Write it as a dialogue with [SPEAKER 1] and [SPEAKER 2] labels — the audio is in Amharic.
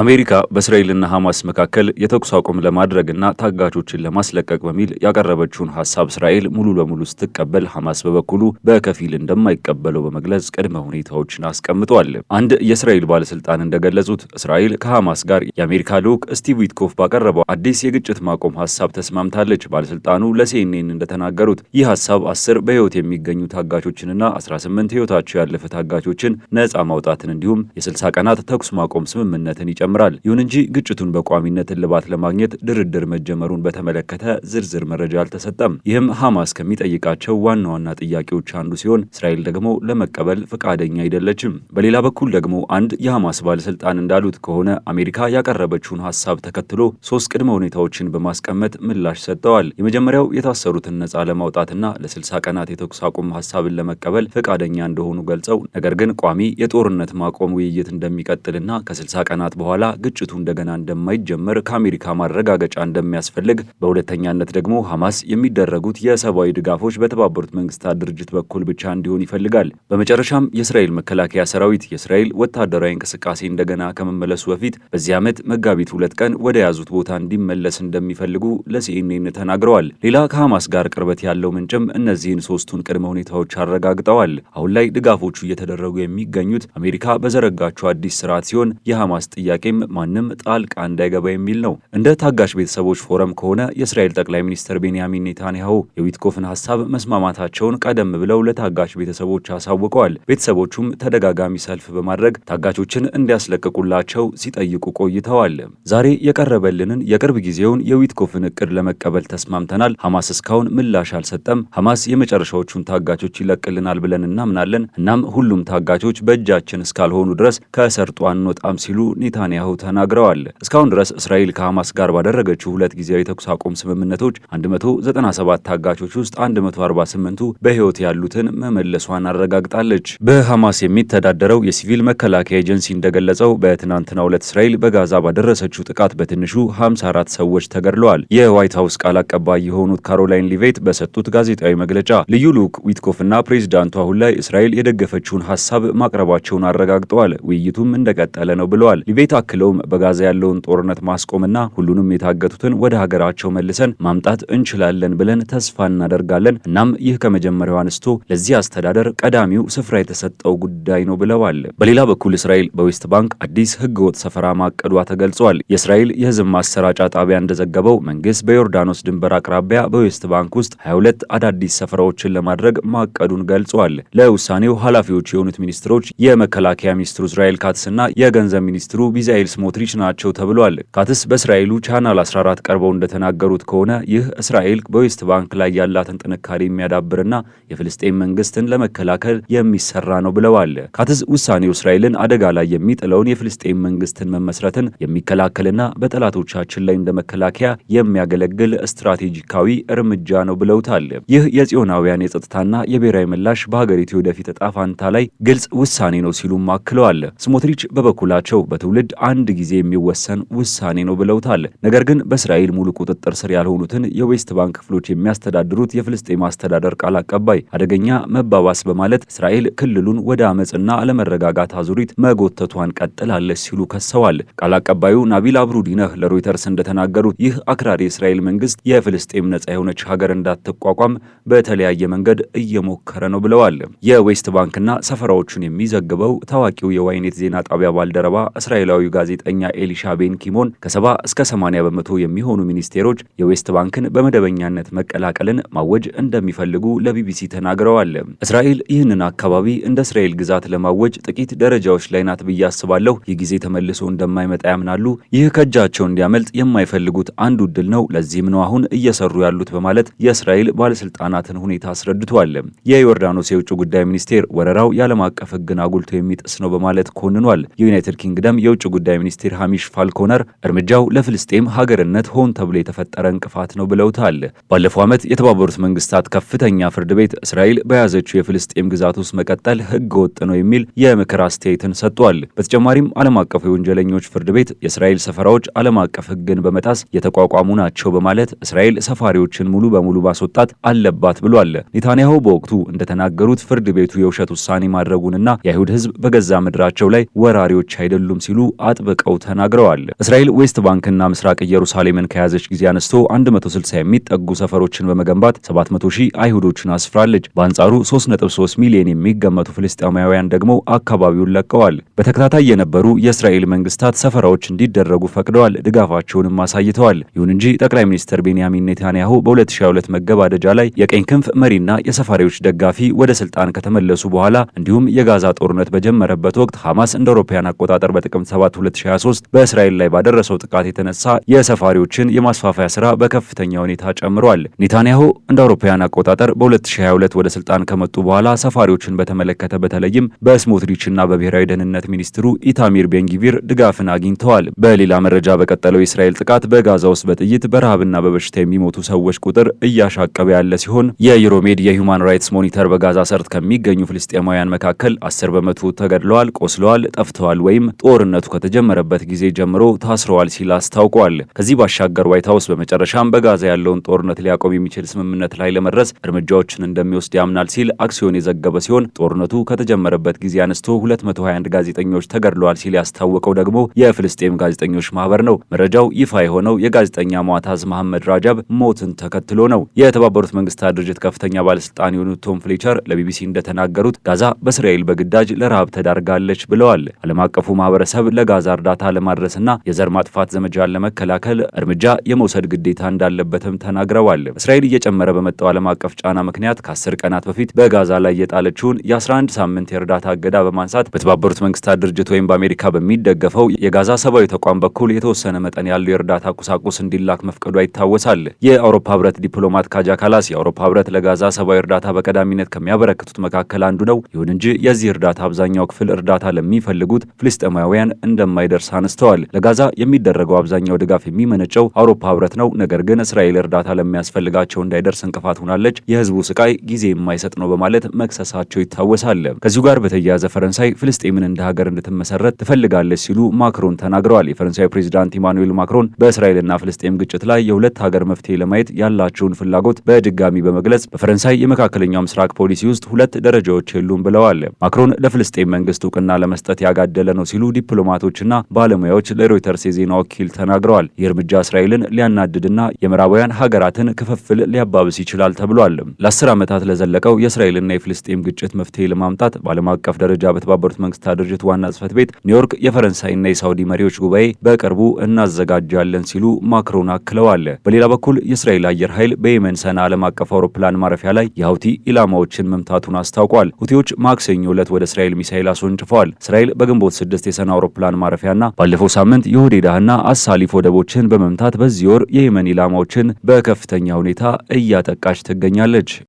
[SPEAKER 1] አሜሪካ በእስራኤልና ሐማስ መካከል የተኩስ አቁም ለማድረግና ታጋቾችን ለማስለቀቅ በሚል ያቀረበችውን ሐሳብ እስራኤል ሙሉ ለሙሉ ስትቀበል ሐማስ በበኩሉ በከፊል እንደማይቀበለው በመግለጽ ቅድመ ሁኔታዎችን አስቀምጧል። አንድ የእስራኤል ባለስልጣን እንደገለጹት እስራኤል ከሐማስ ጋር የአሜሪካ ልዑክ ስቲቭ ዊትኮፍ ባቀረበው አዲስ የግጭት ማቆም ሐሳብ ተስማምታለች። ባለስልጣኑ ለሲኤንኤን እንደተናገሩት ይህ ሐሳብ አስር በሕይወት የሚገኙ ታጋቾችንና 18 ሕይወታቸው ያለፈ ታጋቾችን ነፃ ማውጣትን እንዲሁም የ60 ቀናት ተኩስ ማቆም ስምምነትን ይጨምራል። ይሁን እንጂ ግጭቱን በቋሚነት እልባት ለማግኘት ድርድር መጀመሩን በተመለከተ ዝርዝር መረጃ አልተሰጠም። ይህም ሐማስ ከሚጠይቃቸው ዋና ዋና ጥያቄዎች አንዱ ሲሆን እስራኤል ደግሞ ለመቀበል ፈቃደኛ አይደለችም። በሌላ በኩል ደግሞ አንድ የሐማስ ባለስልጣን እንዳሉት ከሆነ አሜሪካ ያቀረበችውን ሀሳብ ተከትሎ ሶስት ቅድመ ሁኔታዎችን በማስቀመጥ ምላሽ ሰጥተዋል። የመጀመሪያው የታሰሩትን ነፃ ለማውጣትና ለ60 ቀናት የተኩስ አቁም ሀሳብን ለመቀበል ፈቃደኛ እንደሆኑ ገልጸው ነገር ግን ቋሚ የጦርነት ማቆም ውይይት እንደሚቀጥልና ከ60 ቀናት በኋላ በኋላ ግጭቱ እንደገና እንደማይጀመር ከአሜሪካ ማረጋገጫ እንደሚያስፈልግ፣ በሁለተኛነት ደግሞ ሐማስ የሚደረጉት የሰብአዊ ድጋፎች በተባበሩት መንግስታት ድርጅት በኩል ብቻ እንዲሆን ይፈልጋል። በመጨረሻም የእስራኤል መከላከያ ሰራዊት የእስራኤል ወታደራዊ እንቅስቃሴ እንደገና ከመመለሱ በፊት በዚህ ዓመት መጋቢት ሁለት ቀን ወደ ያዙት ቦታ እንዲመለስ እንደሚፈልጉ ለሲኤንኤን ተናግረዋል። ሌላ ከሐማስ ጋር ቅርበት ያለው ምንጭም እነዚህን ሶስቱን ቅድመ ሁኔታዎች አረጋግጠዋል። አሁን ላይ ድጋፎቹ እየተደረጉ የሚገኙት አሜሪካ በዘረጋቸው አዲስ ስርዓት ሲሆን የሐማስ ጥያቄ ጥያቄም ማንም ጣልቃ እንዳይገባ የሚል ነው። እንደ ታጋሽ ቤተሰቦች ፎረም ከሆነ የእስራኤል ጠቅላይ ሚኒስትር ቤንያሚን ኔታንያሁ የዊትኮፍን ሀሳብ መስማማታቸውን ቀደም ብለው ለታጋሽ ቤተሰቦች አሳውቀዋል። ቤተሰቦቹም ተደጋጋሚ ሰልፍ በማድረግ ታጋቾችን እንዲያስለቅቁላቸው ሲጠይቁ ቆይተዋል። ዛሬ የቀረበልንን የቅርብ ጊዜውን የዊትኮፍን እቅድ ለመቀበል ተስማምተናል። ሐማስ እስካሁን ምላሽ አልሰጠም። ሐማስ የመጨረሻዎቹን ታጋቾች ይለቅልናል ብለን እናምናለን። እናም ሁሉም ታጋቾች በእጃችን እስካልሆኑ ድረስ ከእሰርጡ አንወጣም ሲሉ ኔታንያ ኔታንያሁ ተናግረዋል። እስካሁን ድረስ እስራኤል ከሐማስ ጋር ባደረገችው ሁለት ጊዜያዊ ተኩስ አቁም ስምምነቶች 197 ታጋቾች ውስጥ 148ቱ በሕይወት ያሉትን መመለሷን አረጋግጣለች። በሐማስ የሚተዳደረው የሲቪል መከላከያ ኤጀንሲ እንደገለጸው በትናንትናው ዕለት እስራኤል በጋዛ ባደረሰችው ጥቃት በትንሹ 54 ሰዎች ተገድለዋል። የዋይት ሀውስ ቃል አቀባይ የሆኑት ካሮላይን ሊቬት በሰጡት ጋዜጣዊ መግለጫ ልዩ ልዑክ ዊትኮፍና ፕሬዚዳንቱ አሁን ላይ እስራኤል የደገፈችውን ሀሳብ ማቅረባቸውን አረጋግጠዋል። ውይይቱም እንደቀጠለ ነው ብለዋል። ሊቬት አክለውም በጋዛ ያለውን ጦርነት ማስቆምና ሁሉንም የታገቱትን ወደ ሀገራቸው መልሰን ማምጣት እንችላለን ብለን ተስፋ እናደርጋለን። እናም ይህ ከመጀመሪያው አንስቶ ለዚህ አስተዳደር ቀዳሚው ስፍራ የተሰጠው ጉዳይ ነው ብለዋል። በሌላ በኩል እስራኤል በዌስት ባንክ አዲስ ህገወጥ ሰፈራ ማቀዷ ተገልጿል። የእስራኤል የህዝብ ማሰራጫ ጣቢያ እንደዘገበው መንግስት በዮርዳኖስ ድንበር አቅራቢያ በዌስት ባንክ ውስጥ 22 አዳዲስ ሰፈራዎችን ለማድረግ ማቀዱን ገልጿል። ለውሳኔው ኃላፊዎች የሆኑት ሚኒስትሮች የመከላከያ ሚኒስትሩ እስራኤል ካትስና የገንዘብ ሚኒስትሩ ቢዘ የእስራኤል ስሞትሪች ናቸው ተብሏል። ካትስ በእስራኤሉ ቻናል 14 ቀርበው እንደተናገሩት ከሆነ ይህ እስራኤል በዌስት ባንክ ላይ ያላትን ጥንካሬ የሚያዳብርና የፍልስጤን መንግስትን ለመከላከል የሚሰራ ነው ብለዋል። ካትስ ውሳኔው እስራኤልን አደጋ ላይ የሚጥለውን የፍልስጤን መንግስትን መመስረትን የሚከላከልና በጠላቶቻችን ላይ እንደ መከላከያ የሚያገለግል ስትራቴጂካዊ እርምጃ ነው ብለውታል። ይህ የጽዮናውያን የጸጥታና የብሔራዊ ምላሽ በሀገሪቱ የወደፊት እጣ ፋንታ ላይ ግልጽ ውሳኔ ነው ሲሉም አክለዋል። ስሞትሪች በበኩላቸው በትውልድ አንድ ጊዜ የሚወሰን ውሳኔ ነው ብለውታል። ነገር ግን በእስራኤል ሙሉ ቁጥጥር ስር ያልሆኑትን የዌስት ባንክ ክፍሎች የሚያስተዳድሩት የፍልስጤም አስተዳደር ቃል አቀባይ አደገኛ መባባስ በማለት እስራኤል ክልሉን ወደ አመፅና አለመረጋጋት አዙሪት መጎተቷን ቀጥላለች ሲሉ ከሰዋል። ቃል አቀባዩ ናቢል አብሩዲነህ ለሮይተርስ እንደተናገሩት ይህ አክራሪ የእስራኤል መንግስት የፍልስጤም ነጻ የሆነች ሀገር እንዳትቋቋም በተለያየ መንገድ እየሞከረ ነው ብለዋል። የዌስት ባንክና ሰፈራዎቹን የሚዘግበው ታዋቂው የዋይኔት ዜና ጣቢያ ባልደረባ እስራኤላዊ ጋዜጠኛ ኤሊሻ ቤን ኪሞን ከሰባ እስከ 80 በመቶ የሚሆኑ ሚኒስቴሮች የዌስት ባንክን በመደበኛነት መቀላቀልን ማወጅ እንደሚፈልጉ ለቢቢሲ ተናግረዋል። እስራኤል ይህንን አካባቢ እንደ እስራኤል ግዛት ለማወጅ ጥቂት ደረጃዎች ላይ ናት ብዬ አስባለሁ። ይህ ጊዜ ተመልሶ እንደማይመጣ ያምናሉ። ይህ ከእጃቸው እንዲያመልጥ የማይፈልጉት አንዱ እድል ነው። ለዚህም ነው አሁን እየሰሩ ያሉት በማለት የእስራኤል ባለስልጣናትን ሁኔታ አስረድቷል። የዮርዳኖስ የውጭ ጉዳይ ሚኒስቴር ወረራው የዓለም አቀፍ ሕግን አጉልቶ የሚጥስ ነው በማለት ኮንኗል። የዩናይትድ ኪንግደም የውጭ ጉዳይ ሚኒስትር ሐሚሽ ፋልኮነር እርምጃው ለፍልስጤም ሀገርነት ሆን ተብሎ የተፈጠረ እንቅፋት ነው ብለውታል። ባለፈው ዓመት የተባበሩት መንግስታት ከፍተኛ ፍርድ ቤት እስራኤል በያዘችው የፍልስጤም ግዛት ውስጥ መቀጠል ህገ ወጥ ነው የሚል የምክር አስተያየትን ሰጥቷል። በተጨማሪም ዓለም አቀፉ የወንጀለኞች ፍርድ ቤት የእስራኤል ሰፈራዎች ዓለም አቀፍ ህግን በመጣስ የተቋቋሙ ናቸው በማለት እስራኤል ሰፋሪዎችን ሙሉ በሙሉ ማስወጣት አለባት ብሏል። ኔታንያሁ በወቅቱ እንደተናገሩት ፍርድ ቤቱ የውሸት ውሳኔ ማድረጉንና የአይሁድ ህዝብ በገዛ ምድራቸው ላይ ወራሪዎች አይደሉም ሲሉ አጥብቀው ተናግረዋል። እስራኤል ዌስት ባንክና ምስራቅ ኢየሩሳሌምን ከያዘች ጊዜ አንስቶ 160 የሚጠጉ ሰፈሮችን በመገንባት 700 ሺህ አይሁዶችን አስፍራለች። በአንጻሩ 3.3 ሚሊዮን የሚገመቱ ፍልስጤማውያን ደግሞ አካባቢውን ለቀዋል። በተከታታይ የነበሩ የእስራኤል መንግስታት ሰፈራዎች እንዲደረጉ ፈቅደዋል፣ ድጋፋቸውንም አሳይተዋል። ይሁን እንጂ ጠቅላይ ሚኒስትር ቤንያሚን ኔታንያሁ በ2022 መገባደጃ ላይ የቀኝ ክንፍ መሪና የሰፋሪዎች ደጋፊ ወደ ስልጣን ከተመለሱ በኋላ እንዲሁም የጋዛ ጦርነት በጀመረበት ወቅት ሐማስ እንደ አውሮፓውያን አቆጣጠር በጥቅምት 7 7 2023 በእስራኤል ላይ ባደረሰው ጥቃት የተነሳ የሰፋሪዎችን የማስፋፋያ ስራ በከፍተኛ ሁኔታ ጨምሯል። ኔታንያሁ እንደ አውሮፓውያን አቆጣጠር በ2022 ወደ ስልጣን ከመጡ በኋላ ሰፋሪዎችን በተመለከተ በተለይም በስሞትሪች እና በብሔራዊ ደህንነት ሚኒስትሩ ኢታሚር ቤንጊቪር ድጋፍን አግኝተዋል። በሌላ መረጃ በቀጠለው የእስራኤል ጥቃት በጋዛ ውስጥ በጥይት በረሃብና በበሽታ የሚሞቱ ሰዎች ቁጥር እያሻቀበ ያለ ሲሆን የዩሮሜድ የሁማን ራይትስ ሞኒተር በጋዛ ሰርጥ ከሚገኙ ፍልስጤማውያን መካከል 10 በመቶ ተገድለዋል፣ ቆስለዋል፣ ጠፍተዋል ወይም ጦርነቱ ከተጀመረበት ጊዜ ጀምሮ ታስረዋል ሲል አስታውቋል። ከዚህ ባሻገር ዋይት ሀውስ በመጨረሻም በጋዛ ያለውን ጦርነት ሊያቆም የሚችል ስምምነት ላይ ለመድረስ እርምጃዎችን እንደሚወስድ ያምናል ሲል አክሲዮን የዘገበ ሲሆን ጦርነቱ ከተጀመረበት ጊዜ አንስቶ 221 ጋዜጠኞች ተገድለዋል ሲል ያስታወቀው ደግሞ የፍልስጤም ጋዜጠኞች ማህበር ነው። መረጃው ይፋ የሆነው የጋዜጠኛ ሟታዝ መሐመድ ራጃብ ሞትን ተከትሎ ነው። የተባበሩት መንግስታት ድርጅት ከፍተኛ ባለስልጣን የሆኑት ቶም ፍሌቸር ለቢቢሲ እንደተናገሩት ጋዛ በእስራኤል በግዳጅ ለረሃብ ተዳርጋለች ብለዋል። ዓለም አቀፉ ማህበረሰብ ለጋ ጋዛ እርዳታ ለማድረስና የዘር ማጥፋት ዘመቻን ለመከላከል እርምጃ የመውሰድ ግዴታ እንዳለበትም ተናግረዋል። እስራኤል እየጨመረ በመጣው ዓለም አቀፍ ጫና ምክንያት ከአስር ቀናት በፊት በጋዛ ላይ የጣለችውን የ11 ሳምንት የእርዳታ እገዳ በማንሳት በተባበሩት መንግስታት ድርጅት ወይም በአሜሪካ በሚደገፈው የጋዛ ሰብአዊ ተቋም በኩል የተወሰነ መጠን ያለው የእርዳታ ቁሳቁስ እንዲላክ መፍቀዷ ይታወሳል። የአውሮፓ ህብረት ዲፕሎማት ካጃ ካላስ የአውሮፓ ህብረት ለጋዛ ሰብአዊ እርዳታ በቀዳሚነት ከሚያበረክቱት መካከል አንዱ ነው። ይሁን እንጂ የዚህ እርዳታ አብዛኛው ክፍል እርዳታ ለሚፈልጉት ፍልስጤማውያን እንደ እንደማይደርስ አንስተዋል። ለጋዛ የሚደረገው አብዛኛው ድጋፍ የሚመነጨው አውሮፓ ህብረት ነው። ነገር ግን እስራኤል እርዳታ ለሚያስፈልጋቸው እንዳይደርስ እንቅፋት ሆናለች፣ የህዝቡ ስቃይ ጊዜ የማይሰጥ ነው በማለት መክሰሳቸው ይታወሳል። ከዚሁ ጋር በተያያዘ ፈረንሳይ ፍልስጤምን እንደ ሀገር እንድትመሰረት ትፈልጋለች ሲሉ ማክሮን ተናግረዋል። የፈረንሳይ ፕሬዚዳንት ኢማኑኤል ማክሮን በእስራኤልና ፍልስጤም ግጭት ላይ የሁለት ሀገር መፍትሄ ለማየት ያላቸውን ፍላጎት በድጋሚ በመግለጽ በፈረንሳይ የመካከለኛው ምስራቅ ፖሊሲ ውስጥ ሁለት ደረጃዎች የሉም ብለዋል። ማክሮን ለፍልስጤም መንግስት እውቅና ለመስጠት ያጋደለ ነው ሲሉ ዲፕሎማቶች ተንታኞችና ባለሙያዎች ለሮይተርስ የዜና ወኪል ተናግረዋል። የእርምጃ እስራኤልን ሊያናድድና የምዕራባውያን ሀገራትን ክፍፍል ሊያባብስ ይችላል ተብሏል። ለአስር ዓመታት ለዘለቀው የእስራኤልና የፍልስጤም ግጭት መፍትሄ ለማምጣት በዓለም አቀፍ ደረጃ በተባበሩት መንግስታት ድርጅት ዋና ጽህፈት ቤት ኒውዮርክ የፈረንሳይና የሳውዲ መሪዎች ጉባኤ በቅርቡ እናዘጋጃለን ሲሉ ማክሮን አክለዋል። በሌላ በኩል የእስራኤል አየር ኃይል በየመን ሰና ዓለም አቀፍ አውሮፕላን ማረፊያ ላይ የሀውቲ ኢላማዎችን መምታቱን አስታውቋል። ሁቲዎች ማክሰኞ ዕለት ወደ እስራኤል ሚሳኤል አስወንጭፈዋል። እስራኤል በግንቦት ስድስት የሰና አውሮፕላን ማረፊያና ባለፈው ሳምንት የሆዴዳህና አሳሊፍ ወደቦችን በመምታት በዚህ ወር የየመን ኢላማዎችን በከፍተኛ ሁኔታ እያጠቃች ትገኛለች።